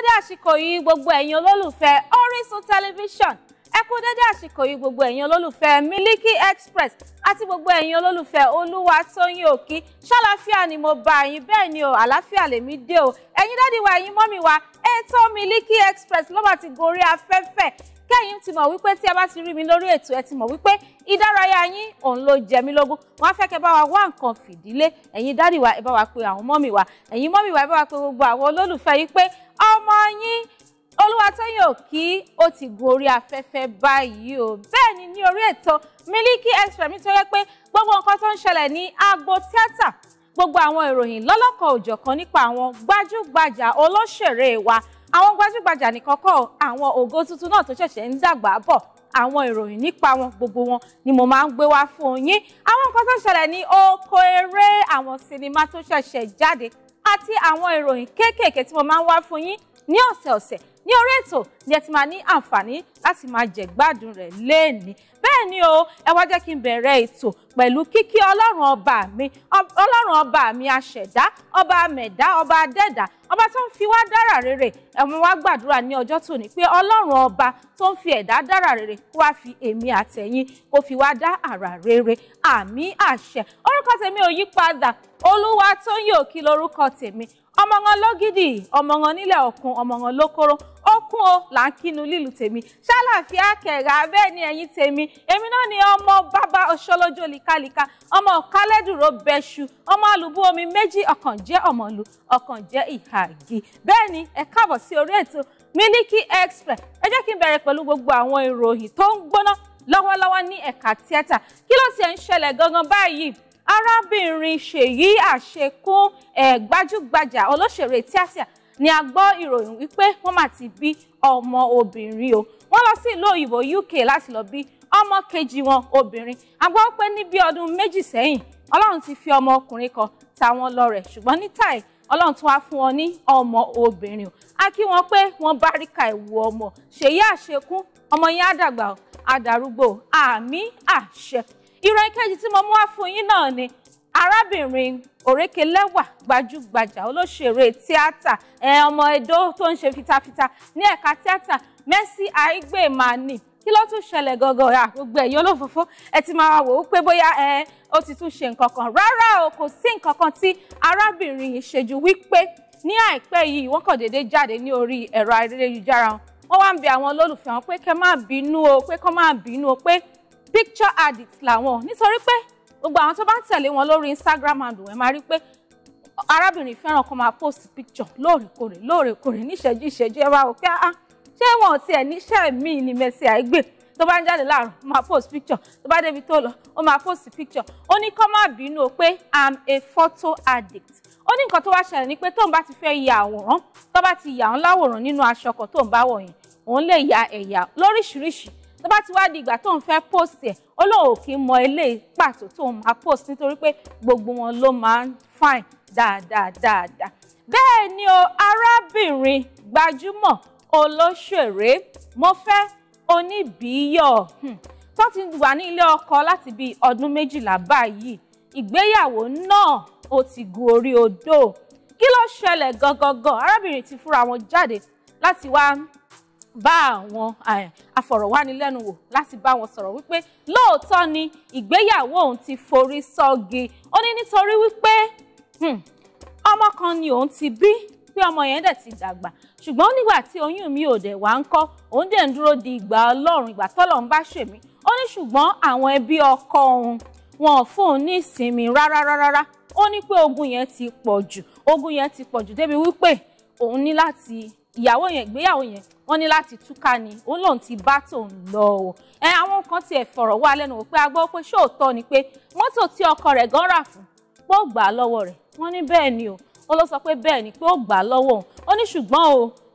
dédé àsìkò yìí gbogbo ẹ̀yin olólùfẹ́ Orísun Television. ẹ kú dédé àsìkò yìí gbogbo ẹ̀yin olólùfẹ́ Miliki Express àti gbogbo ẹ̀yin olólùfẹ́ Olúwatóyìn Òkí ṣàlàáfíà ni mo bá yín bẹ́ẹ̀ ni o àlàáfíà lèmi dé o ẹ̀yin dádì wa ẹ̀yin mọ́mì wa ètò Miliki Express ló bá ti gorí afẹ́fẹ́ kẹ́yìn ti mọ̀ wípé tí ẹ bá ti rí mi lórí ètò ẹ ti mọ̀ wípé ìdárayá yín òun ló jẹ mí lógún wọn á fẹ́ kẹ́ bá wa wá nǹkan fìdílé ẹ̀yin dádì wa ẹ bá wa pe àwọn mọ́mì wa ẹ̀yin mọ́mì wa ẹ bá wa pe gbogbo àwọn olólùfẹ́ yín pé ọmọ yín Olúwatóyìn Òkí ó ti gorí afẹ́fẹ́ báyìí o bẹ́ẹ̀ ni ní orí ètò Miliki Express mi tó yẹ pé gbogbo nǹkan tó ń ṣẹlẹ̀ ní agbo tíátà gbogbo àwọn ìròyìn lọ́lọ́kọ̀ òjọ̀kan nípa àwọn gbajúgbajà olóṣèré wa àwọn gbajúgbajà nìkan kọ́ àwọn ògo tuntun náà tó ṣẹ̀ṣẹ̀ ń dàgbà bọ̀ àwọn ìròyìn nípa wọn gbogbo wọn ni mo máa ń gbé wá fún yín àwọn nǹkan tó ṣẹlẹ̀ ní oko eré àwọn sinimá tó ṣẹ̀ṣẹ̀ jáde àti àwọn ìròyìn kéékèèké tí mo máa ń wá fún yín ní ọ̀sẹ̀ọ̀sẹ̀ ní orí ètò ni ẹ ti máa ní àǹfààní láti máa jẹ̀gbádùn rẹ̀ léèní bẹ́ẹ̀ ni o ẹ wá jẹ́ kí n bẹ̀rẹ̀ ètò pẹ̀lú kíkí ọlọ́run ọba mi ọlọ́run ọba mi àṣẹ̀dá ọba mẹ̀dá ọba adẹ́dá ọba tó ń fi wá dára rere ẹ̀mú wá gbàdúrà ní ọjọ́ tòní pé ọlọ́run ọba tó ń fi ẹ̀dá dára rere kó wá fi èmi àtẹ̀yìn kó fi wá dá àrà rere àmì àṣẹ orúkọ tèmi ò yí padà olúwa tó yí òkì lórúkọ tèmi ọmọ wọn lọ́gídì ọmọ wọn nílẹ̀ ọ̀kun ọmọ wọn lókóró kún o là ń kínú lílù tèmi ṣàlàfíà kẹ̀rà bẹ́ẹ̀ ni ẹ̀yin tèmi èmi náà ni ọmọ bàbá ọṣọlójó líkàlíkà ọmọ kálẹ́dùró bẹ́ṣu ọmọ àlùbú omi méjì ọkàn jẹ́ ọ̀mọ̀lù ọkàn jẹ́ ìhàgì bẹ́ẹ̀ ni ẹ káàbọ̀ sí orí ètò Miliki Express ẹ jẹ́ kí n bẹ̀rẹ̀ pẹ̀lú gbogbo àwọn ìròyìn tó ń gbóná lọ́wọ́lọ́wọ́ ní ẹ̀ka tíátà kí ló ti ẹ̀ ń ṣẹlẹ̀ gangan báyìí arábìnrin Ṣèyí Àṣekún ẹ̀ gbajúgbajà olóṣèré tíátà ni a gbọ́ ìròyìn wípé wọ́n mà ti bí ọmọ obìnrin o wọ́n lọ sí ìlú òyìnbó UK láti lọ bí ọmọ kejì wọn obìnrin a gbọ́ pé ní bí ọdún méjì sẹ́yìn ọlọ́run ti fi ọmọ ọkùnrin kan ta wọn lọ́rẹ ṣùgbọ́n ní táì ọlọ́run tún wá fún wọn ní ọmọ obìnrin o a kí wọn pé wọn báríkà ìwò ọmọ ṣèyí àṣekún ọmọ yẹn á dàgbà àdàrúgbò àmì àṣẹ ìròyìn kejì tí mo mú wá fún yín náà ni arábìnrin òrékelẹ́wà gbajúgbajà olóṣèré tíátà ọmọ Ẹdó tó ń ṣe fitafita ní ẹ̀ka tíátà Mercy Aigbe máa nì kí ló tún ṣẹlẹ̀ gangan ọ̀yà gbogbo ẹ̀yin olófòfó ẹ ti máa wò ó pé bóyá ẹ ó ti tún ṣe nǹkan kan rárá o kò sí nǹkan kan tí arábìnrin yìí ṣe ju wípé ní àìpẹ́ yìí wọ́n kàn déédéé jáde ní orí ẹ̀rọ ayélujára wọn wọ́n wá ń bi àwọn olólùfẹ́ wọn pé kẹ́ má bínú o pé kọ́ má bínú o pé picture addict làwọn nítorí pé gbogbo àwọn tó bá ń tẹ̀lé wọn lórí Instagram handle ẹ̀ máa rí pé arábìnrin fẹ́ràn kan máa post picture lóòrèkóòrè lóòrèkóòrè níṣẹ́jú ìṣẹ́jú ẹ wá wò pé ah, ah ṣé wọn ò tiẹ̀ níṣẹ́ mi ni Mercy Aigbe tó bá ń jáde láàárọ̀ ó máa post picture tó bá débi tó lọ ó máa post picture ó ní kó má bínú o pé i'm a photo addict ó ní nǹkan tó wá ṣẹlẹ̀ ni pé tóun bá ti fẹ́ ya àwòrán tó bá ti yà án láwòrán nínú aṣọ kan tóun bá wọ̀ yẹn òun lè ya ẹ̀yà lóríṣiríṣi tó bá ti wá di ìgbà tó ń fẹ́ post ẹ̀ olóòwò kì í mọ ilé pàtó tó ń máa post nítorí pé gbogbo wọn ló máa ń fine dáadáa dáadáa. bẹ́ẹ̀ ni o arábìnrin gbajúmọ̀ olóṣèré mo fẹ́ oníbíyọ̀ hmm. tó ti wà ní ilé ọkọ láti bíi ọdún méjìlá báyìí ìgbéyàwó náà ó ti gun orí odò kí ló ṣẹlẹ̀ gangan arábìnrin ti fúnra wọn jáde láti wá bá àwọn afọ̀rọ̀wánilẹ́nuwò láti bá wọn sọ̀rọ̀ wípé lóòótọ́ ni ìgbéyàwó òun ti forí sọ́gi ó ní nítorí wípé hmm, ọmọ kan ni òun ti bí pé ọmọ yẹn dẹ̀ ti dàgbà ṣùgbọ́n nígbà tí oyún mi ò dẹ̀ wá ń kọ́ òun dẹ̀ ń dúró di ìgbà ọlọ́run ìgbà tọ́lọ́run bá ṣèmí ó ní ṣùgbọ́n àwọn ẹbí ọkọ òun wọn ò fún un ní ìsinmi rárá rárá ó ní pé ogun yẹn ti pọ̀ jù ogun yẹn ti pọ̀ jù débi wípé òun ní láti ìyàwó yẹn ìgbéyàwó yẹn wọ́n ní láti túká ni òun lòun ti bá tòun lọ o ẹ àwọn kan tiẹ̀ fọ̀rọ̀ wá lẹ́nu wò pé a gbọ́ pé ṣóòótọ́ ni pé mọ́tò tí ọkọ rẹ̀ gan rà fún pé ó gbà á lọ́wọ́ rẹ̀ wọ́n ní bẹ́ẹ̀ ni o ó lọ sọ pé bẹ́ẹ̀ ni pé ó gbà á lọ́wọ́ òun ó ní ṣùgbọ́n o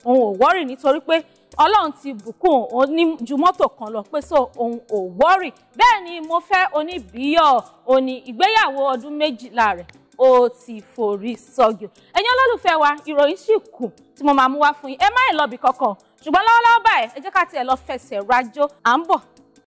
òun ò wọ́rì nítorí pé ọlọ́run ti bùkún òun ní ju mọ́tò kan lọ pé so òun ò wọ́rì bẹ́ẹ̀ ni mo fẹ́ oníbíyọ̀ òní ìgbéyàwó ọdún méjìlá rẹ̀ ó ti forí sọ́yọ̀ ẹ̀yin olólùfẹ́ wa ìròyìn sì kù tí mo máa mú wá fún yín ẹ má ì lọ kankan ṣùgbọ́n lọ́wọ́lọ́wọ́ báyìí ẹ jẹ́ ká tiẹ̀ lọ fẹsẹ̀ rajó à ń bọ̀